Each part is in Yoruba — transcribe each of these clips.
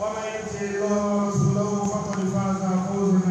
ومن يطع الله ورسوله فقد فاز فوزا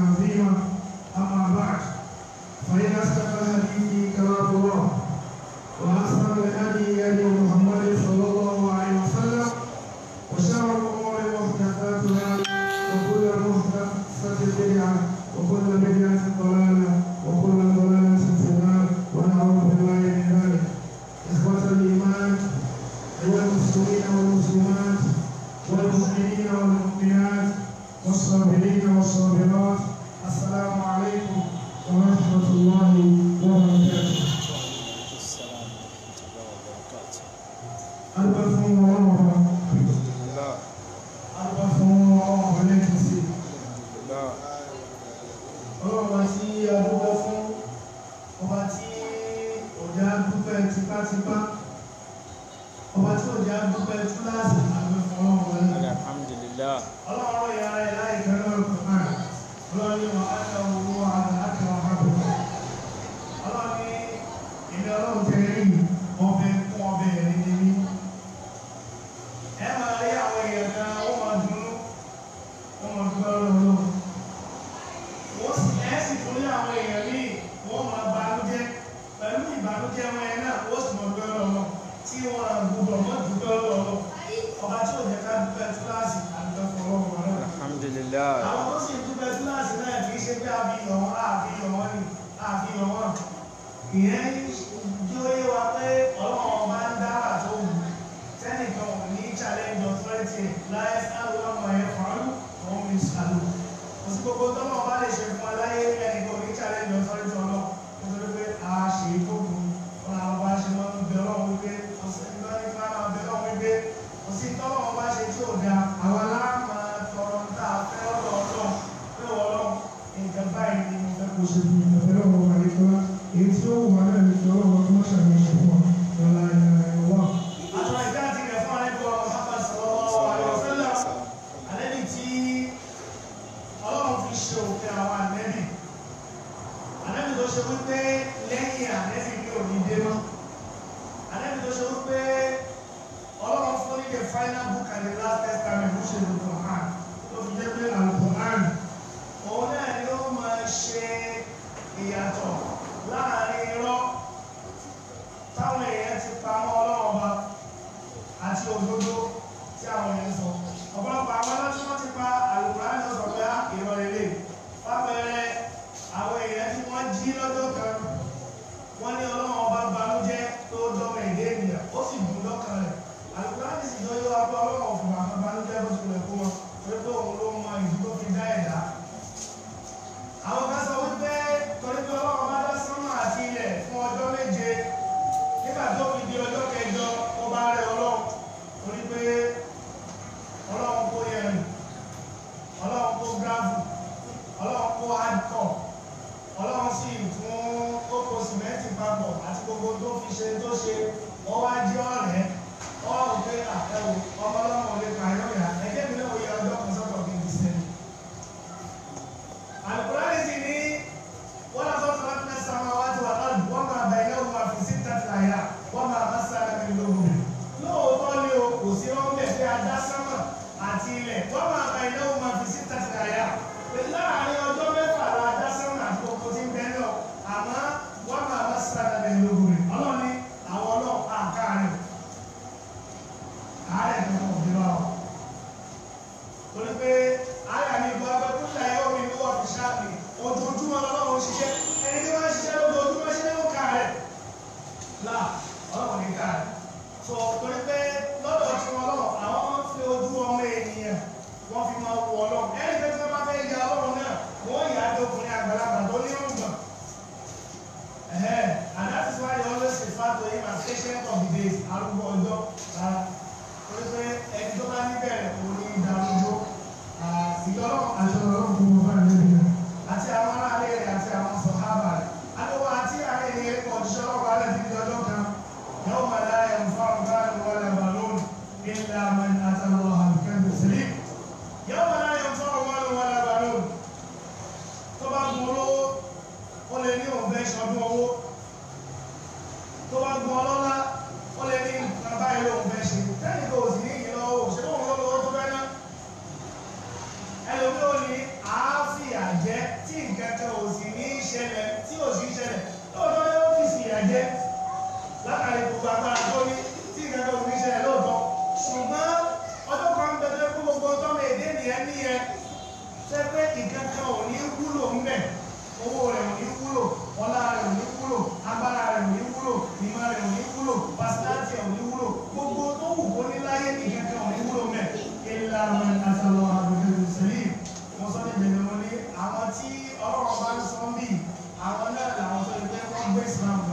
gbogbo agbára tó ní tí ìrẹ́lẹ̀ òní ṣẹlẹ̀ lóòótọ́ ṣùgbọ́n ọjọ́ kan bẹ̀rẹ̀ fún gbogbo tọ́mọ èdè nìyẹn nìyẹn ṣe pé nǹkan kan ò ní wúlò ńbẹ̀ owó rẹ̀ ò ní wúlò ọlá rẹ̀ ò ní wúlò agbára rẹ̀ ò ní wúlò ìmọ̀ rẹ̀ ò ní wúlò pásítátì ò ní wúlò gbogbo tó wù kó ní láyé nìkan kan ò ní wúlò mẹ́ ìlànà àtàlọ́ àbùkù sẹ́lẹ̀ mo sọ ní ìbẹ̀rẹ̀ wọn ní àwọn tí ọlọ́run bá ń sọ ń bì àwọn náà làwọn tó ń gbé wọn gbé ìsìlámù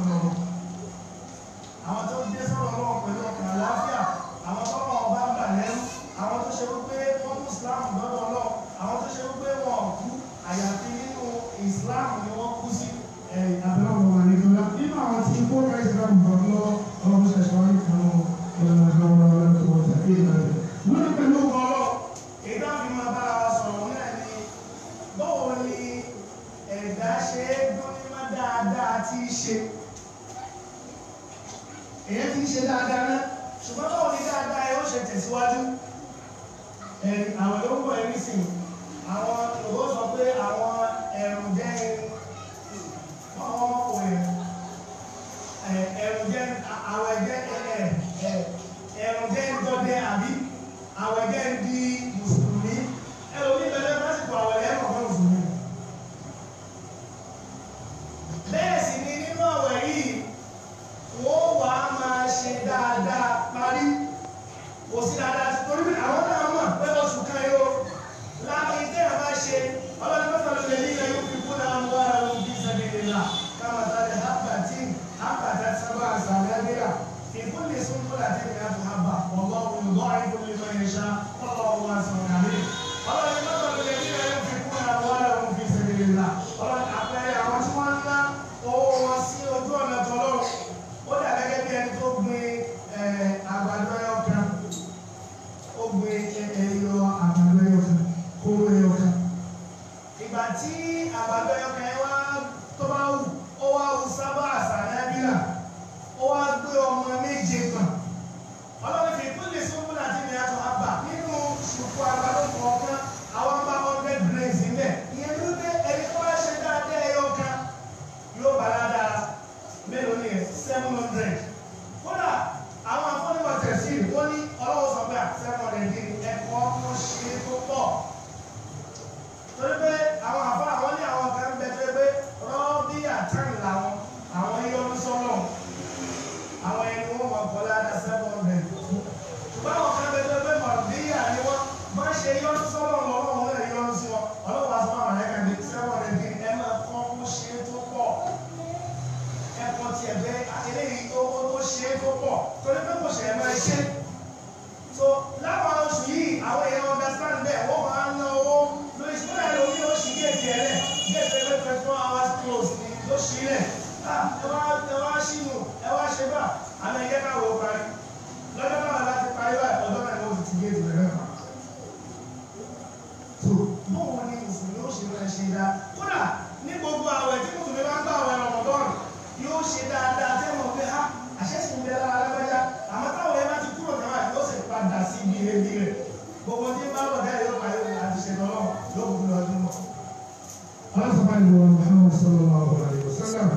fásitì àìmọ̀ Muhammad sallallahu alayhi wa sallam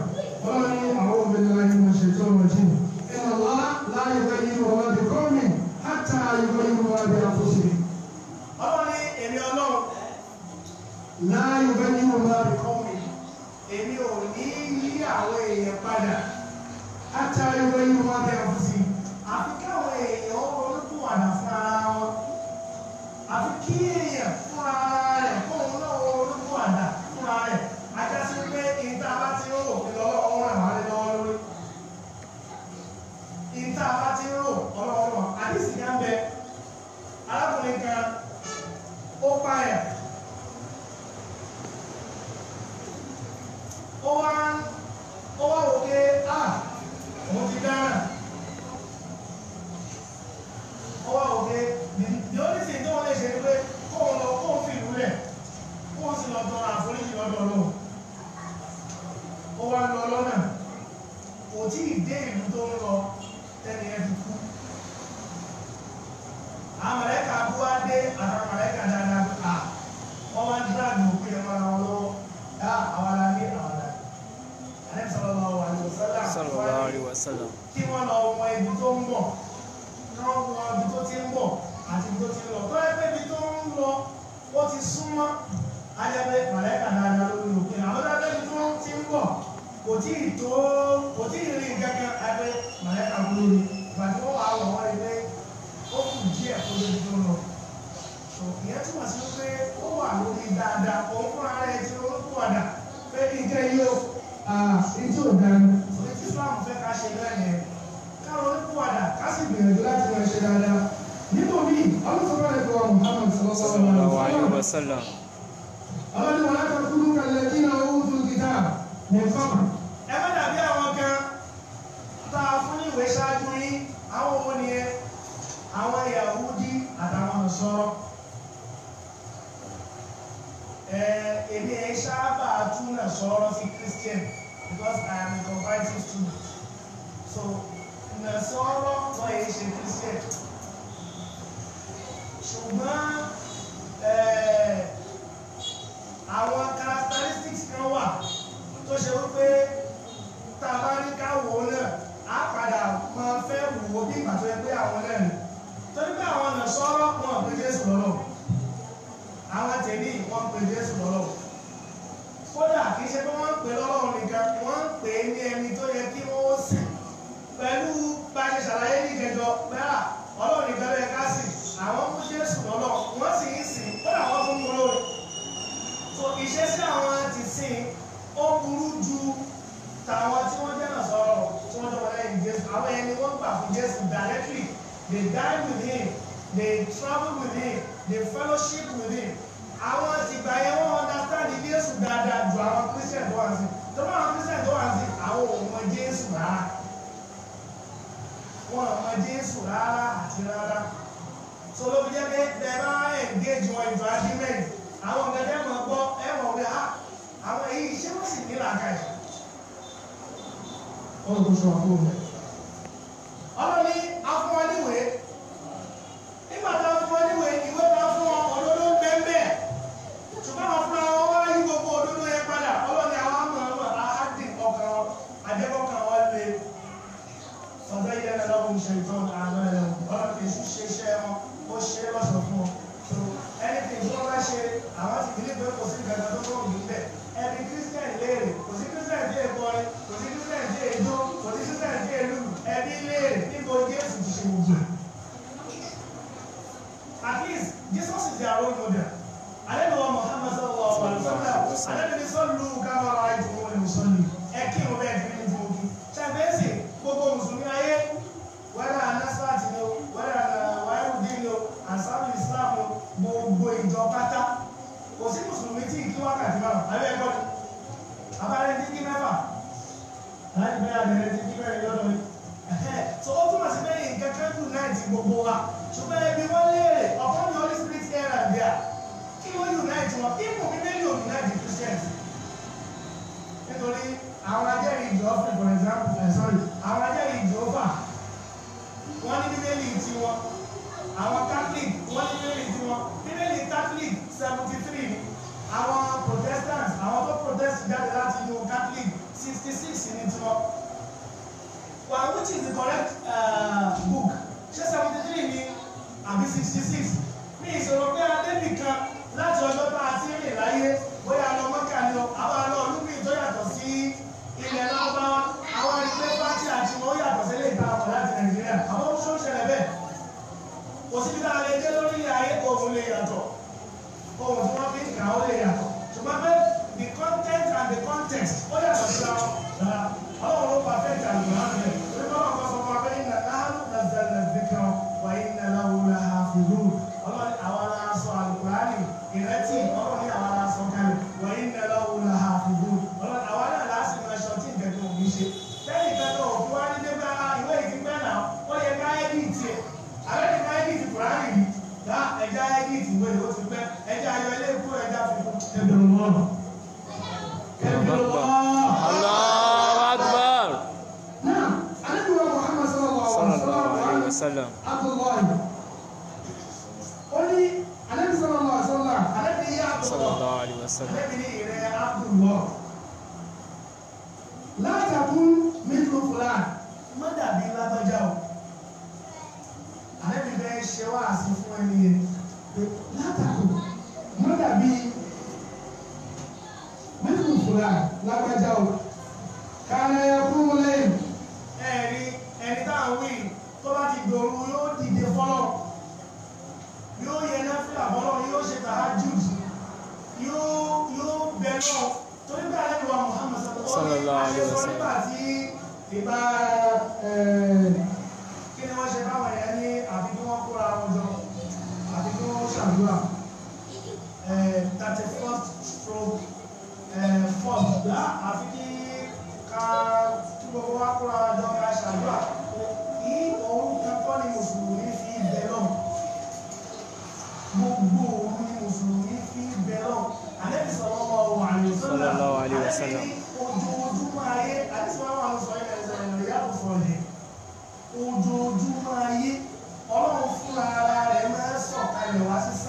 wọ́n ní àwọn obìnrin Wassalam. which is the correct uh, book ṣé seventy three ni àbí sixty six ní ìṣòro pé. látàkùn mítúrú fúlàn má dàbí lágbájá o àlẹ́ mi bẹ́ẹ̀ ṣe wá àsìn fún ẹni yẹn pé látàkùn má dàbí mítúrú fúlàn lágbájá o kàlẹ́ ẹkún lẹ́yìn ẹ̀rí ẹni tá à ń wí tó bá ti dòru yóò dìde fọ́lọ́ yóò yẹ náfìlà fọ́lọ́ yóò ṣe tàájùd yóò yóò bẹ̀ lọ torí pé àlẹ́ sallallahu alaihi wasallam. ìbá ni wọ́n ṣe báwọn yẹn ní àbí kí wọ́n kóra wọn jọ àbí kí wọ́n ṣàdúrà thirty first stroke first gbà àfi kí ká kí gbogbo wa kóra wọn jọ ká ṣàdúrà kí òun kankan ni mùsùlùmí fi bẹ̀ ojoojúmọ́ ayé àti wọ́n wà ń sọ ẹ̀sẹ̀ ìrìnlẹ̀ yàtọ̀ fún mi ojoojúmọ́ ayé ọlọ́run fúnra ara rẹ̀ máa ń sọ̀kalẹ̀ wá sí sá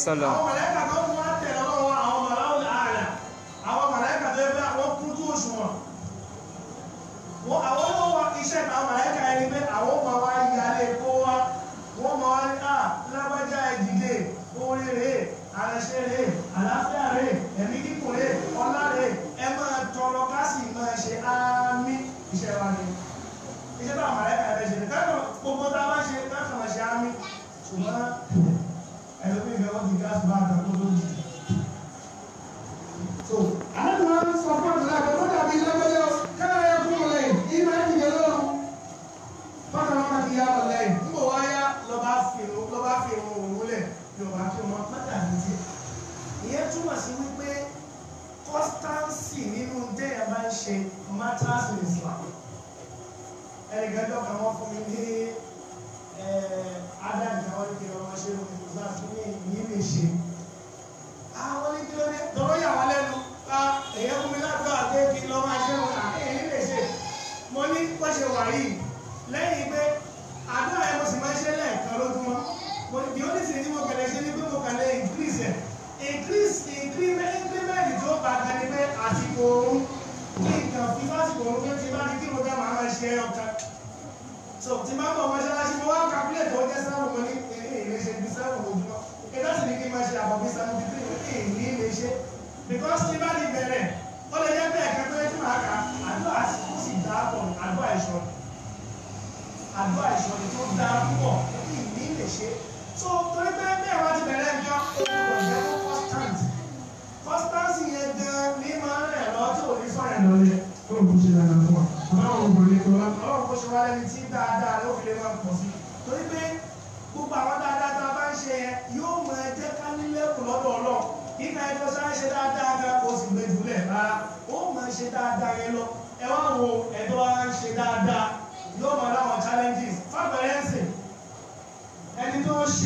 و س Deus, nem, minha inimiga.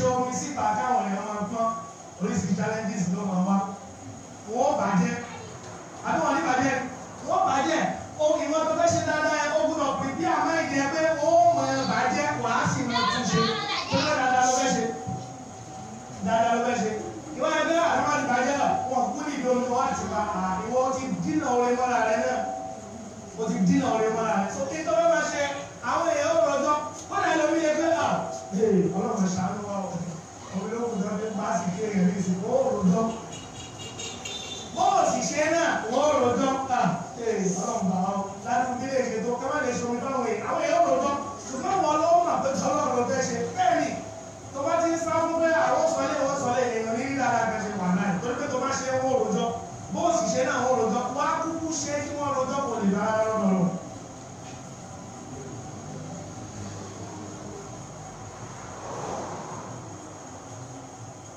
ju omi síta káwọn èèyàn máa gbọ́n oríṣiríṣi challenges ló máa wá wọ́n bàjẹ́ àbí wọ́n ní bàjẹ́ wọ́n bàjẹ́ ohun ìwọ́n tó fẹ́ ṣe dáadáa. ṣe ìrìn ìsìnkú òròjọ́ bọ́ọ̀sì ṣe náà wọ́n òròjọ́ ọlọ́mùbá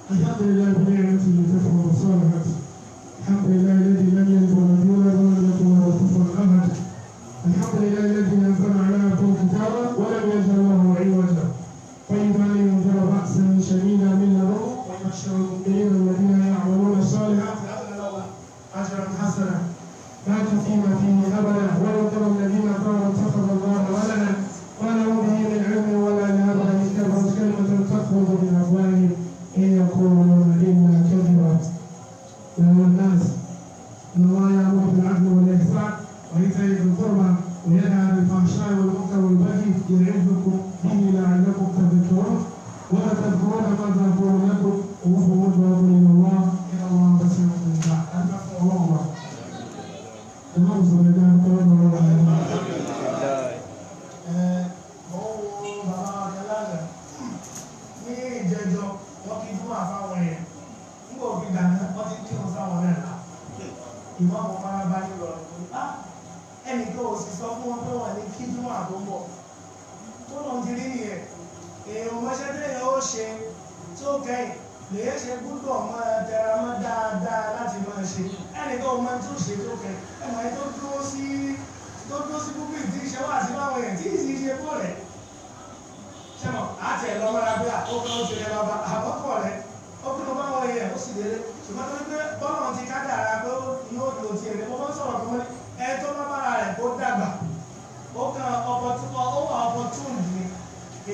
I have to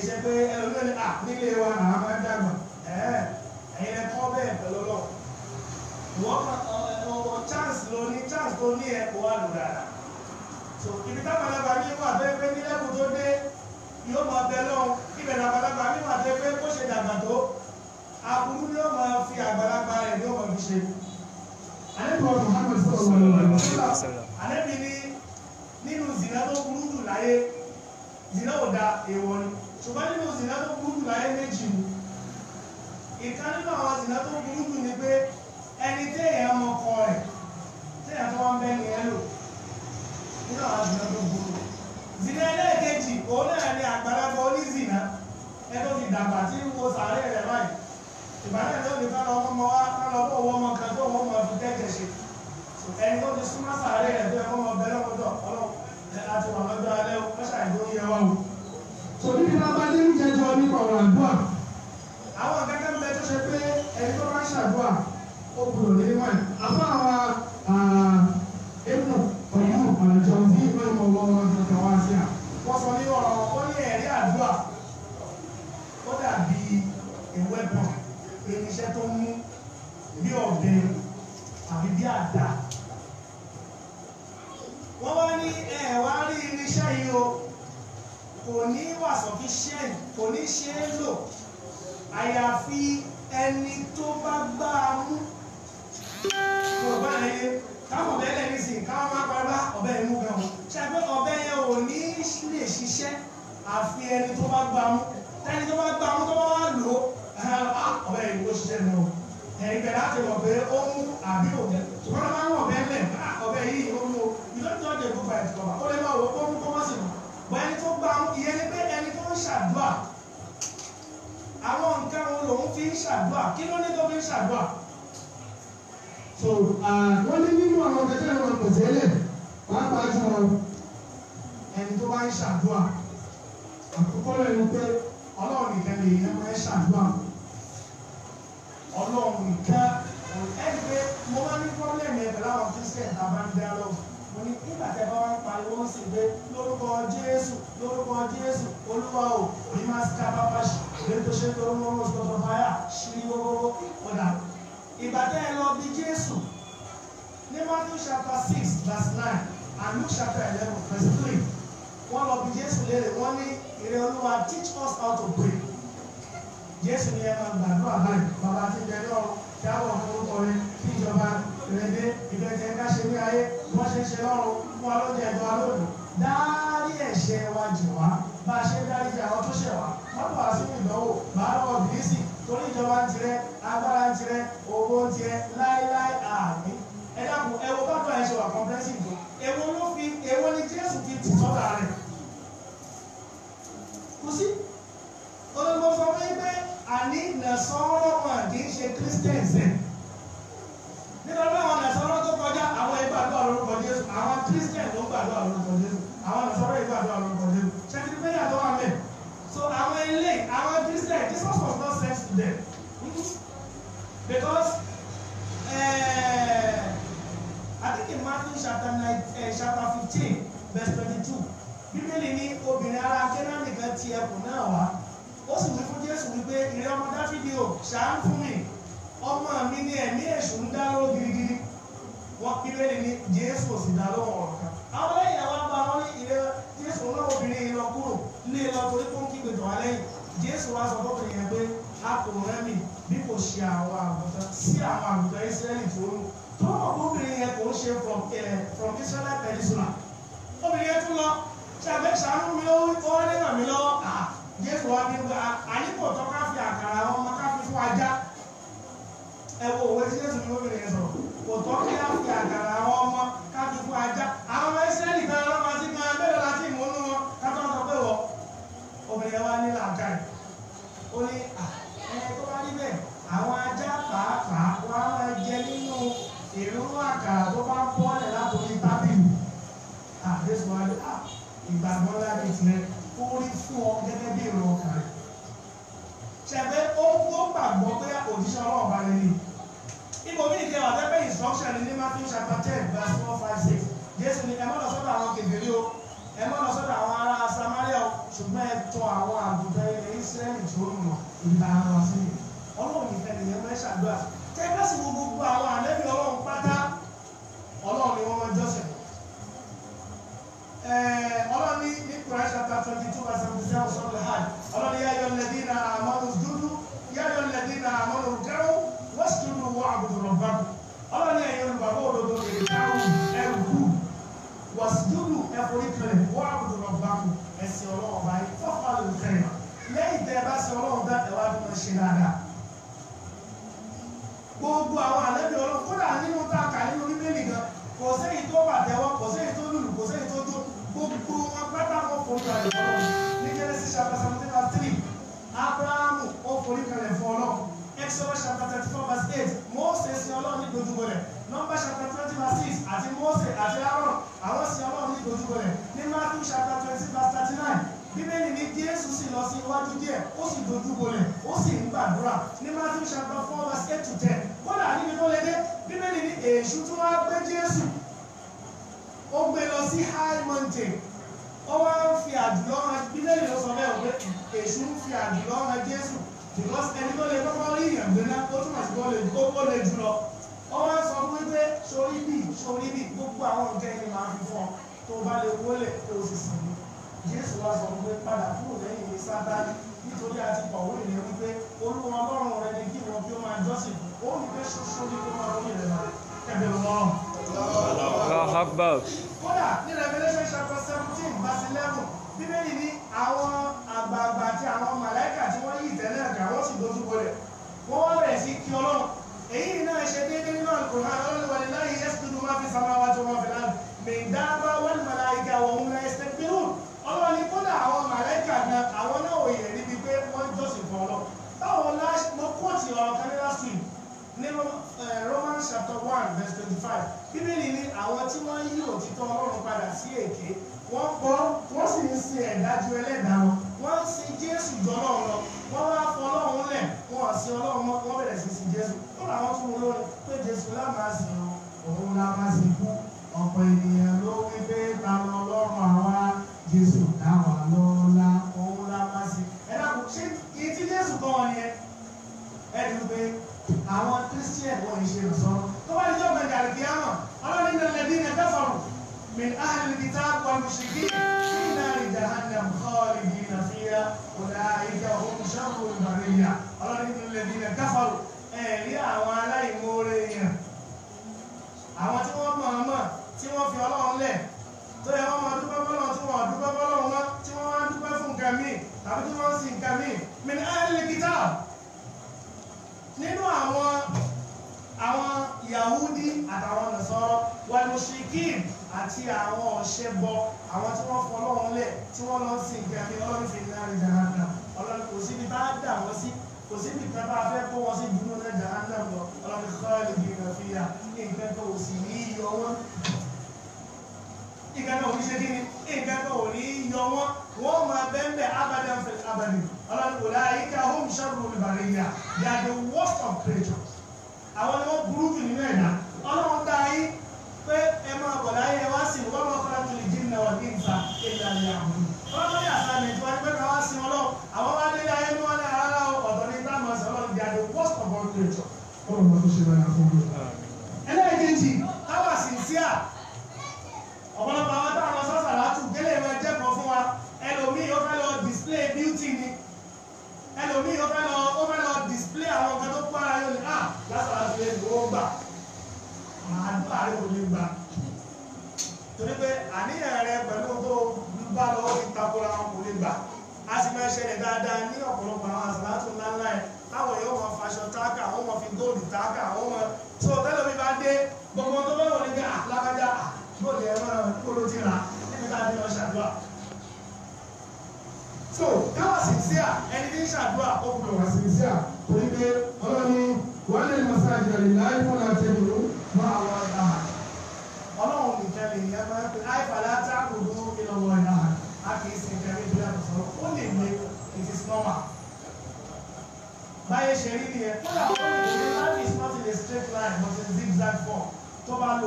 ṣe pé ẹlòmíràn à nílé wa àwọn máa ń dàgbà ẹ̀yin ẹ̀kọ́ bẹ́ẹ̀ pẹ̀lú lọ. wọ́n ọ̀rọ̀ chance ló ní chance tó ní ẹ̀kọ́ wà lò dára. so ibi táwọn alábàámi wà bẹ́ẹ̀ pé nílẹ̀kùn tó dé yóò máa bẹ lọ ibẹ̀ làbàlábà mi wà bẹ́ẹ̀ pé kó ṣe dàgbà tó aburú ni ó máa fi àgbàlagbà rẹ̀ ni ó máa fi ṣe. àlejò ọ̀dùn Muhammad sọ̀rọ̀ àlejò ní nínú zìnà tó burú jù láyé zìnà da èèwọ̀ ni ṣùgbọ́n nínú zìnà tó burú jù láyé méjì ni ìkan nínú àwọn zìnà tó burú jù ni pé ẹni téèyàn mọ ọkọ rẹ̀ téèyàn tó wọ́n bẹ́ni ẹ lò nínú àwọn zìnà tó burú zìnà ẹlẹ́ẹ̀kejì òun náà ni àgbàlagbà onízìnà ẹ tó ti dàgbà tí ń wo sàárẹ̀ rẹ̀ báyìí ìbálẹ̀ náà ní kálọ̀ ọmọ wa kálọ̀ ọmọ owó ọmọ kan tó wọ́n mọ̀ fi tẹ́jẹ̀ ṣe ẹni tó ti súnmọ́ sàárẹ̀ rẹ̀ tó ẹ̀kọ́ mọ bẹ́ẹ̀ lọ́kọ́tọ̀ ọlọ́ sòdí bí bàbá dé níjẹjọ nípa ọ̀rọ̀ àdúrà àwọn gẹ́gẹ́ bí ẹ tó ṣe pé ẹni tó bá ṣàdúrà ó gbúdọ̀ ní mímọ́ ẹ̀ àfọ àwọn. we can mo máa ní problem yẹn pẹ̀lú àwọn christian tá a bá ń dialogue mo ní nígbà tẹ́ bá wá ń pariwo ń sìn lórúkọ jésù lórúkọ jésù olúwa o bí máa ń ká bábá ṣì lè tó ṣe tó lórúkọ tọ̀tọ̀ fàyà ṣì gbogbo ọ̀dà ìgbà ẹ lọ bí jésù ní matthew chapter six verse nine and luke chapter eleven verse three wọ́n lọ bí jésù léèrè wọ́n ní ìrẹ̀ olúwa teach us how to pray. Jésù ni ẹ máa gbàdúrà báyìí bàbá ti jẹ náà dábọ̀ orúkọ rẹ kí ìjọba rẹ dé ìfẹ́ tẹ ká ṣe ní ayé wọ́n ṣe ń ṣe lọ́rùn fún wa ẹ̀dọ́ alóòdù dárí ẹ̀ṣẹ̀ wa jù wá bá a ṣe dárí jẹ àwọn tó ṣẹ̀ wá wọ́n bọ̀ wá sínú ìdánwò bá a lọ́wọ́ bìrìsì torí ìjọba ń tirẹ̀ agbára ń tirẹ̀ owó ń tirẹ̀ láéláé àmì ẹ dàpọ̀ ẹ wo bá bá ẹ̀ṣẹ̀ wà kọ́ńpẹ́sì tó èwo ló fi èwo ni Jésù fi tì àní nàṣọ́rọ́ wọn kì í ṣe christians ẹ̀ nítorí pé àwọn nàṣọ́rọ́ tó kọjá àwọn ìgbà àdúrà lórúkọ Jésù àwọn christian ló ń gbà àdúrà lórúkọ Jésù àwọn nàṣọ́rọ́ ìgbà àdúrà lórúkọ Jésù ṣẹ́kìtì pé yàtọ̀ wà mẹ́ so àwọn ilé àwọn christian Jesus was not sent to them because uh, I think in Matthew chapter nine uh, chapter fifteen verse twenty-two Bíbélì ní obìnrin ara Kénáánì kan ti ẹkùn náà wá pé ìrẹ́ ọmọ dáfídì o ṣàánú fún mi ọmọ mi ní ẹ̀mí èṣù ń dá lọ́wọ́ girigiri wọn bíbélì ní jésù sì dá lọ́wọ́ ọ̀rọ̀ kan àwọn lẹ́yìn àwọn bá wọn ní ìrẹ́ jésù náà obìnrin yìí lọ kúrò lé lọ torí pé ó ń kígbe tọ̀ wá lẹ́yìn jésù wá sọ fọ́pọ̀ yẹn pé a kò rẹ́ mi bí kò ṣe àwọn àgùntàn sí àwọn àgùntàn ìsírẹ́lì tó ń tó mọ̀ obìnrin yẹn kò ń ṣe from israeli peninsula obìnrin yẹn tún lọ ṣàgbéṣàánú mi lọ́wọ́ ó wá dé lọ́wọ́ àá jésù wa ní gba àyíkò tó ká fi àkàrà àwọn ọmọ ká fi fún ajá ẹ wo òwe tí jésù ní lóbìnrin yẹn sọ̀rọ̀ kò tó kí á fi àkàrà àwọn ọmọ ká fi fún ajá àwọn ọmọ ìsírẹ́lì kan ọlọ́mọ sí kan abẹ́rẹ́ láti ìmúnú wọn ká tó sọ pé wọ obìnrin wa ní làákà yìí ó ní ẹ tó bá níbẹ̀ àwọn ajá pàápàá wọn á máa jẹ nínú ìrúnú àkàrà tó bá ń bọ́ọ̀lẹ̀ látòrí tábìlì àdéṣùwájú ìgbàgbọ́ láti tìǹbù orí fún ọ gẹ́gẹ́ bí èrò ọkàn rẹ̀ ṣẹ̀fẹ́ ó ó gbàgbọ́ pé òjíṣẹ́ ọlọ́run bá rẹ̀ ni ibo mi nìkan àtẹ́pẹ́ instruction ní Matthew chapter ten verse four five six Jésù ni ẹ má lọ sọ́dọ̀ àwọn kèfèrí o ẹ má lọ sọ́dọ̀ àwọn ará Samaria o ṣùgbọ́n ẹ tọ̀ àwọn àgùntàn ilẹ̀ Israẹli tó ń lọ ìlànà wa sí ọlọ́run nìkan nìyẹn máa ń ṣàdúrà tẹ́gbẹ́ sí gbogbo àwọn àlẹ́bí ọlọ́run pátá ọlọ́run ni wọ́n máa jọ́sìn ọlọ́run ní Quran chapter twenty two verse seventy seven sọ́dọ̀ hajj ọlọ́ni yá yọ lẹ́dí na àmọ́nù dúdú yá yọ lẹ́dí na àmọ́nù gẹ́rù wọ́n sì dúdú wọ́n àbùdù rọ̀bà ọlọ́ni ẹ̀yọ́ olùbàbọ̀ òdodo ìdáhùn ẹ̀kú wọ́n sì dúdú ẹ̀fọ́rí kẹlẹ̀ wọ́n àbùdù rọ̀bà ẹ̀sìn ọlọ́wọ́ báyìí fọ́fọ́ àlùkẹ́rẹ̀ lẹ́yìn tẹ́ ẹ bá sin ọlọ́run dá ẹ̀wá tó máa ṣe dáadáa gbogbo àwọn àlẹ́bí ọlọ́run kódà nínú táàkà nínú bíbélì gan kò sẹ́yìn tó bàtẹ́wọ́ kò sẹ́yìn tó lùlù kò sẹ́yìn tó jó gbogbo agbábá wọn forí kalẹ̀ fún ọlọ́run Genesis chapter seventeen verse three Abrahamu ó forí kalẹ̀ fún ọlọ́run Exodus chapter thirty four verse eight Mose sin ọlọ́run ní dojúbolẹ̀ Numbers chapter twenty verse six àti Mose àti Aaron àwọn sin ọlọ́run ní dojúbolẹ̀ ní Matthew chapter twenty verse thirty nine bíbélì ní jésù sì lọ sí iwájú díẹ̀ ó sì dojú bolẹ̀ ó sì ń gbàdúrà ní matthew chapter four verse eight to ten kódà níbi tó lé dé tè ó wá ń fi àdúrà ọ̀ràn bílẹ̀lì ló sọ bẹ́ẹ̀ pé èṣù ń fi àdúrà ọ̀ràn Jésù because ẹni tó lè kọ́kọ́ rí ìyàn gbéná ó túmọ̀ sí kó lè jù lọ ó wá sọ fún pé sórí bì sórí bì gbogbo àwọn nǹkan ẹni máa fi fún ọ tó bá lè wọlé tó sì sìn ní Jésù wá sọ pé padà kúrò lẹ́yìn ní Sátánì nítorí àti kọ̀wé ìlú wípé olúwa ọlọ́run rẹ ni kí wọn bí ó máa jọ́sìn ó ní pé ṣoṣo ní kó máa rí ìrẹ̀lẹ̀ ẹ̀bẹ̀rún ọ̀run Allahu Akbar. kódà ní Revelation chapter seventeen verse eleven bíbélì ní àwọn àgbààgbà àti àwọn màláìkà tí wọ́n yí ìtẹ́ náà kà wọ́n sì dojú bolẹ̀ wọ́n wá bẹ̀rẹ̀ sí kí ọlọ́run èyí náà ṣe déédéé nínú Al-Qur'an ọlọ́run wà ní láyé yẹ́sì tó dùn máa fi sàmà wájú wọn fi láàbù mẹ̀ndáàbá wọn màláìkà wọn ń rẹ̀ ṣe pé wọn ọlọ́run ni kódà àwọn màláìkà náà àwọn náà ò yẹ̀ níbi pé wọ́n jọ́sìn fún ọlọ́run báwo lá mo kóòtù ọ̀rọ̀ kan ní last week Eh, Romans chapter one verse twenty-five bíbélì ní àwọn tí wọ́n yí òtítọ́ ọlọ́run padà sí èké wọ́n gbọ́ wọ́n sì ń sin ẹ̀dá ju ẹlẹ́dàá wọn wọ́n ń sin Jésù jọlọ́run lọ wọ́n wá fọ ọlọ́run lẹ̀ wọ́n ọ̀sìn ọlọ́run mọ́ wọ́n bẹ̀rẹ̀ sí sin Jésù ó làwọn fún wọn lórí pé Jésù lámàá sìn òun lámàá sìn kú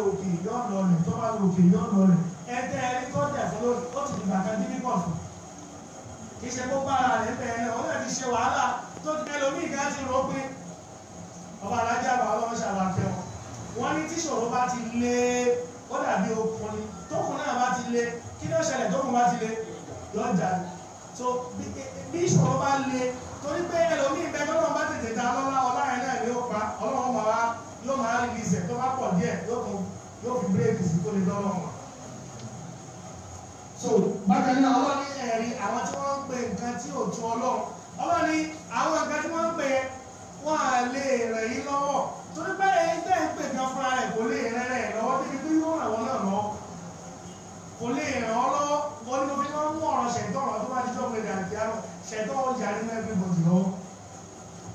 òkè yóò lọ rẹ̀ tó bá òkè yóò lọ rẹ̀ ẹ̀ẹ́dẹ́ ẹni tó dẹ̀ fún ó ti dìgbà kan dín nípọ̀ fún. kì í ṣe kó bára rẹ̀ bẹ̀rẹ̀ ó lè ti ṣe wàhálà tó ti ẹlòmíì ká ti rò pé ọba alájà bá ọlọ́run ṣàlàfẹ́ wọn. wọ́n ní tíṣòro bá ti lé ó dàbí okun ni tókun náà bá ti lé kí ló ṣẹlẹ̀ tókun bá ti lé lọ́jà so bí ìṣòro bá lé torí pé ẹlòmíì bẹ́ẹ̀ tọ́lọ́run bá tètè ta lọ́lá ọlá náà yóò pa ọlọ́run máa yóò máa rìlíìsẹ̀ tó bá pọ̀ díẹ̀ yóò tún yóò fi bírèkì sí kó lè lọ́rọ̀ wọn. so bákan náà ọlọ́run ní ẹ̀rí àwọn tí wọ́n ń pè nǹkan tí ò tún ọlọ́run ọlọ́run ní àwọn nǹkan tí wọ́n ń pè wọ́n á lè rẹ̀ yín lọ́wọ́ torí pé ẹni tẹ́ ń pè kan fúnra rẹ̀ kò lè rẹ̀ rẹ̀ lọ́wọ́ débi pé yóò ràn wọ́n náà lọ́wọ́ kò lè ràn ọ́ lọ́wọ́ wọ́n ní mo fi máa ń mú ọ̀rọ̀ ṣẹ̀tọ́ ọ̀rọ̀ tó bá ti jọ́ pé dàbí àrùn ṣẹ̀tọ́ ọjà nínú ẹgbẹ́ bòdì lọ́wọ́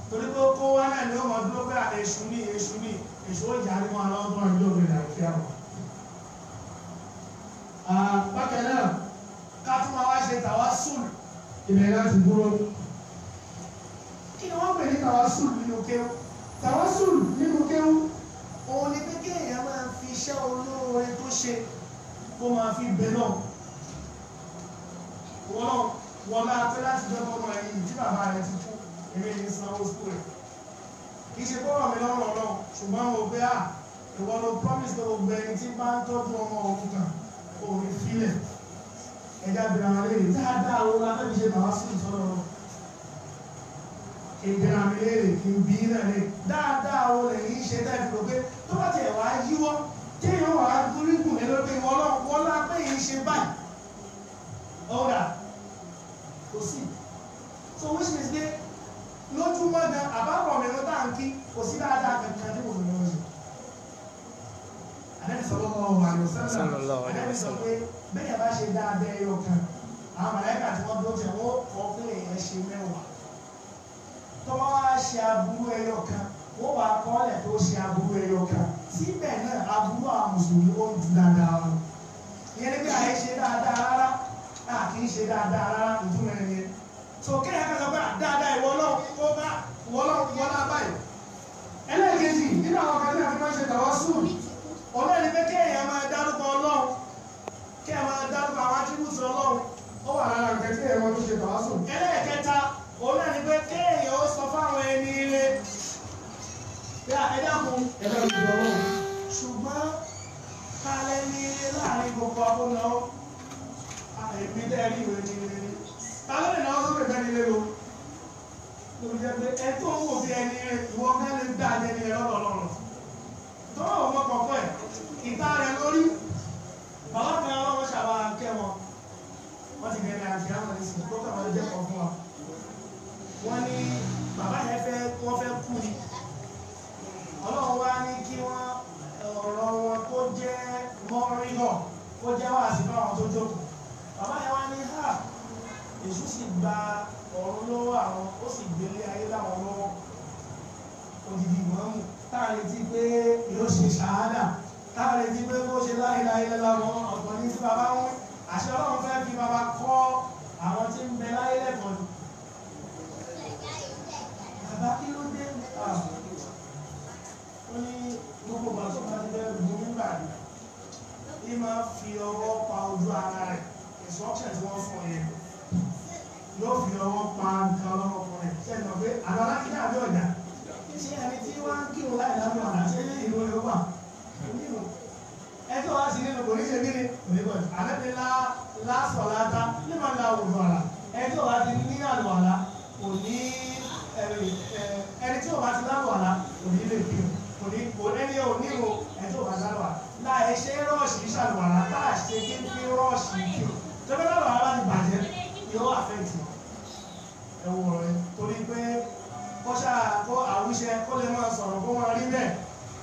torí pé kó wá náà ni ó mọ dúró pé èṣù ni èṣù ni èso ìyàrí wọn lọ́gbọ̀n ìjọ òmìnira ìfẹ́ wọn. bákan náà ká tún máa wá ṣe tàwa sùn ìbẹ̀rẹ̀ láti dúró. kí ni wọ́n pè ní tàwa sùn nínú kéwù? tàwa sùn nínú kéwù òun ni pé kéèyàn máa fi iṣẹ́ olóore tó ṣe kó máa fi bẹ náà. wọ́n wọ́n máa pẹ́ láti jọ́ ọmọ ẹ̀yìn tí bàbá rẹ̀ ti kú èmi ní sanwó rẹ̀ kì í ṣe kó ràn mí lọ́rùn ọlọ́run ṣùgbọ́n mo gbé à ah, ìwọ ló promise tó gbogbo ẹni tí bá ń tọ́jú ọmọ òrukàn òní fílẹ̀ ẹja bẹ̀rẹ̀ àwọn léèrè dáadáa wo la fẹ́ fi ṣe bàbá sí ìsọ́dọ̀ lọ ìbẹ̀rẹ̀ àmì léèrè kì í bí náà lè dáadáa wo lè yí ṣe tẹ́ fi pé tó bá tiẹ̀ wá yíwọ́ téèyàn wà á dúrí gùn mí lóde ìwọ ọlọ́run wọ́n lá pé yìí ṣe báyìí ọ̀rà kò sí so which means pé lójúmọ́ gan àbábọ̀ mi ló tá à ń kí kò sí dáadáa kankan ní òun ló ń lò. Ànábì sallallahu alaihi wasallam Ànábì sọ pé bẹ́ẹ̀ bá ṣe dáadáa ẹyọ kan àwọn màláíkà tí wọ́n dúró tẹ̀ wọ́n kọ́ pé èèyàn ṣe mẹ́wàá. Tọ́wọ́ wá ṣe aburú ẹyọ kan wọ́n wá kọ́ ọ́lẹ̀ tó ṣe aburú ẹyọ kan síbẹ̀ náà aburú àwọn mùsùlùmí ó ń du dáadáa wọn. Ìyẹn ní pé àyè ṣe dáadáa rárá so kéèyàn kan sọ pé ah, dáadáa ìwọ ọlọ́run kó bá ìwọ ọlọ́run kó bá báyìí ẹlẹ́ẹ̀kejì nínú àwọn kan náà fi tàwa sùn ọlọ́run pé kéèyàn máa dá máa ń fi ọwọ́ pa ojú ara rẹ̀ instruction tí wọ́n fún yẹn yóò fi ọwọ́ pa nǹkan ọlọ́mọkùnrin ṣe é lọ pé àlọ́ alákìlá àbí ọ̀dà ṣé ẹni tí wọ́n ń kírun láì lábẹ́ ọ̀dà ṣé ilé ìlú rẹ̀ wà ẹjọ́ wá sí nínú kò ní ṣe kíni onígbọ̀n àlẹ́bí lásọ̀ láta nígbà ńlá òòlù àlà ẹjọ́ wá ti ní àlọ́ àlà kò ní ẹni tí ò bá ti lálọ́ àlà kò ní lè kírun kò ní kò ní ẹni ò ní ìwò ẹjọ́ wá ti lálọ́ àlà la ẹ ṣe rọ́ọ̀ṣì ṣàlùwàlá tá a ṣe kí n fi rọ́ọ̀ṣì kí tẹ́lẹ̀ náà wàá bá ti bàjẹ́ yóò àfẹ́ǹtì ẹ wò rẹ torí pé kó ṣáà kó àwùṣe kó lè máa sọ̀rọ̀ kó máa rí bẹ́ẹ̀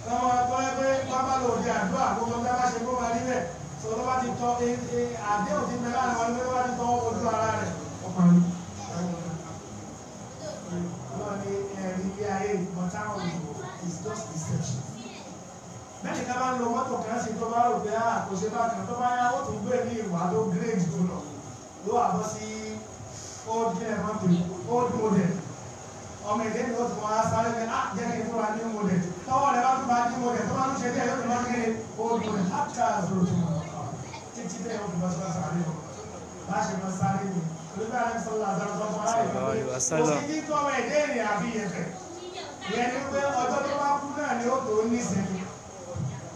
kó máa kọ́ ẹ pé pápá lò dé àdúrà kó tó bá ṣe kó máa rí bẹ́ẹ̀ tó tó bá ti tọ́ e, e, àdéhùn ti mẹ́lá ni wọ́n bá ti tọ́ ojú ara rẹ̀ ọkùnrin ọlọ́ni ẹ̀rí ilé ayé ìpọ̀táwọn ìbò is just deception bẹ́ẹ̀ni ká bá ń lo mọ́tò kan sí tó bá rò pé àkóso ah, bá kan tó bá yá ó tún gbé ní ìwà tó gírèjì tó lọ ló wà bọ́ sí old gílẹ̀ mọ́tò old model ọmọ èdè ni ó tún wá sáré pé ah jẹ́ kí n fúnra ní model tọ́wọ́ rẹ̀ bá tún bá ní model tó bá tún ṣe díẹ̀ yóò tún bá kéré old model after zero two títí bẹ́ẹ̀ ó tún bá sọ́ra sáré lọ bá ṣe lọ sáré ni olùgbà rẹ̀ sọ́la àtàrà sọ fún aráàlú pé kò sí kí tọ́wọ́ èdè ìrìn àbí ìyẹ̀fẹ̀ ìyẹn ni pé ọjọ́ tó bá kú náà ni ó tó ní ìsinmi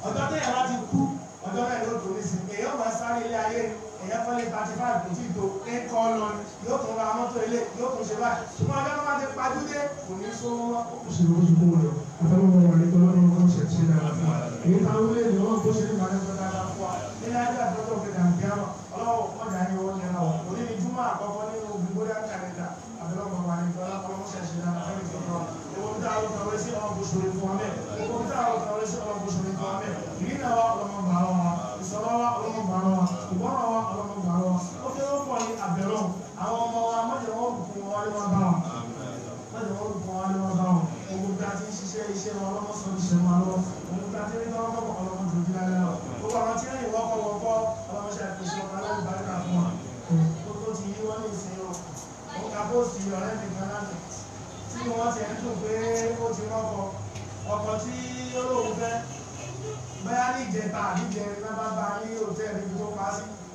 ọjọ́ tó yàrá ti kú ọjọ́ náà ló dùn ní sí èèyàn máa sáré ilé ayé èèyàn fẹ́ lé thirty five kò tí do ẹ̀ kọ́ lọ ni yóò tún ra mọ́tò ilé yóò tún ṣe báyìí ṣùgbọ́n ọjọ́ tó bá ti pajú dé kò ní sówó mọ́. ó sì ló sùn kúrò lọ àtàwọn ọmọ rẹ tó lọ́nà ọmọ ṣẹ̀ ṣe dára fún wa èyí táwọn ilé ìlú náà tó ṣe ní ìbáraẹ̀fọ́ dára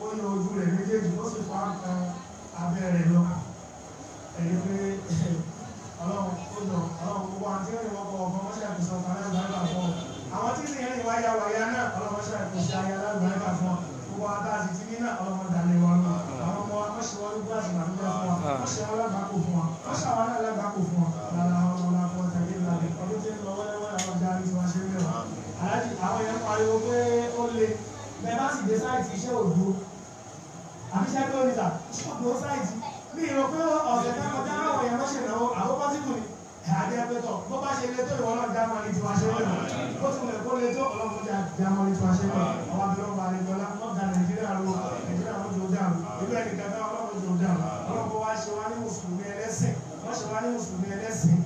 ó yọ ojú rẹ̀ méjèèjì ó sì fa kan abẹ́ rẹ̀ lọ ẹ̀rí pé ọlọ́run ó lọ ọlọ́run gbogbo àwọn tí ó lè wọ́pọ̀ ọ̀gbọ́n wọ́n ṣàkóso sọ ọ̀kan láti bàbá fún ọ àwọn tí sì ń rìn wáyà wáyà náà ọlọ́run ṣàkóso ṣe ayé láti bàbá fún ọ gbogbo àwọn tá a sì ti ní náà ọlọ́run dalẹ̀ wọn lọ àwọn ọmọ wọn ṣe wọn lógún àti màmí lọ fún wọn wọ́n ṣe wọn fún wọn wọ́n ṣe àwọn alágbàkó fún wọn àbíṣẹ́ tó ní sà ṣọ́ọ̀bù ó sáìtì ní ìrò pé ọ̀sẹ̀ tó kọjá àwọn èèyàn lọ́sẹ̀ náà àwọn pásítù ni àjẹpẹtọ̀ bó bá ṣe lé tó ìwọ náà dá mọ́ni tí wàá ṣe lọ́nà ó tún lè kó lé tó ọlọ́run ti dá mọ́ni tí wàá ṣe lọ́nà àwọn abirọ́ bá ní gbọ́lá wọ́n da nàìjíríà ló nàìjíríà ló jò dáhùn ìlú ẹ̀nìkan náà ọlọ́run jò dáhùn ọlọ́run wá ṣe wá ní mùsùlùmí ẹlẹ́sìn wọ́n ṣe wá ní mùsùlùmí ẹlẹ́sìn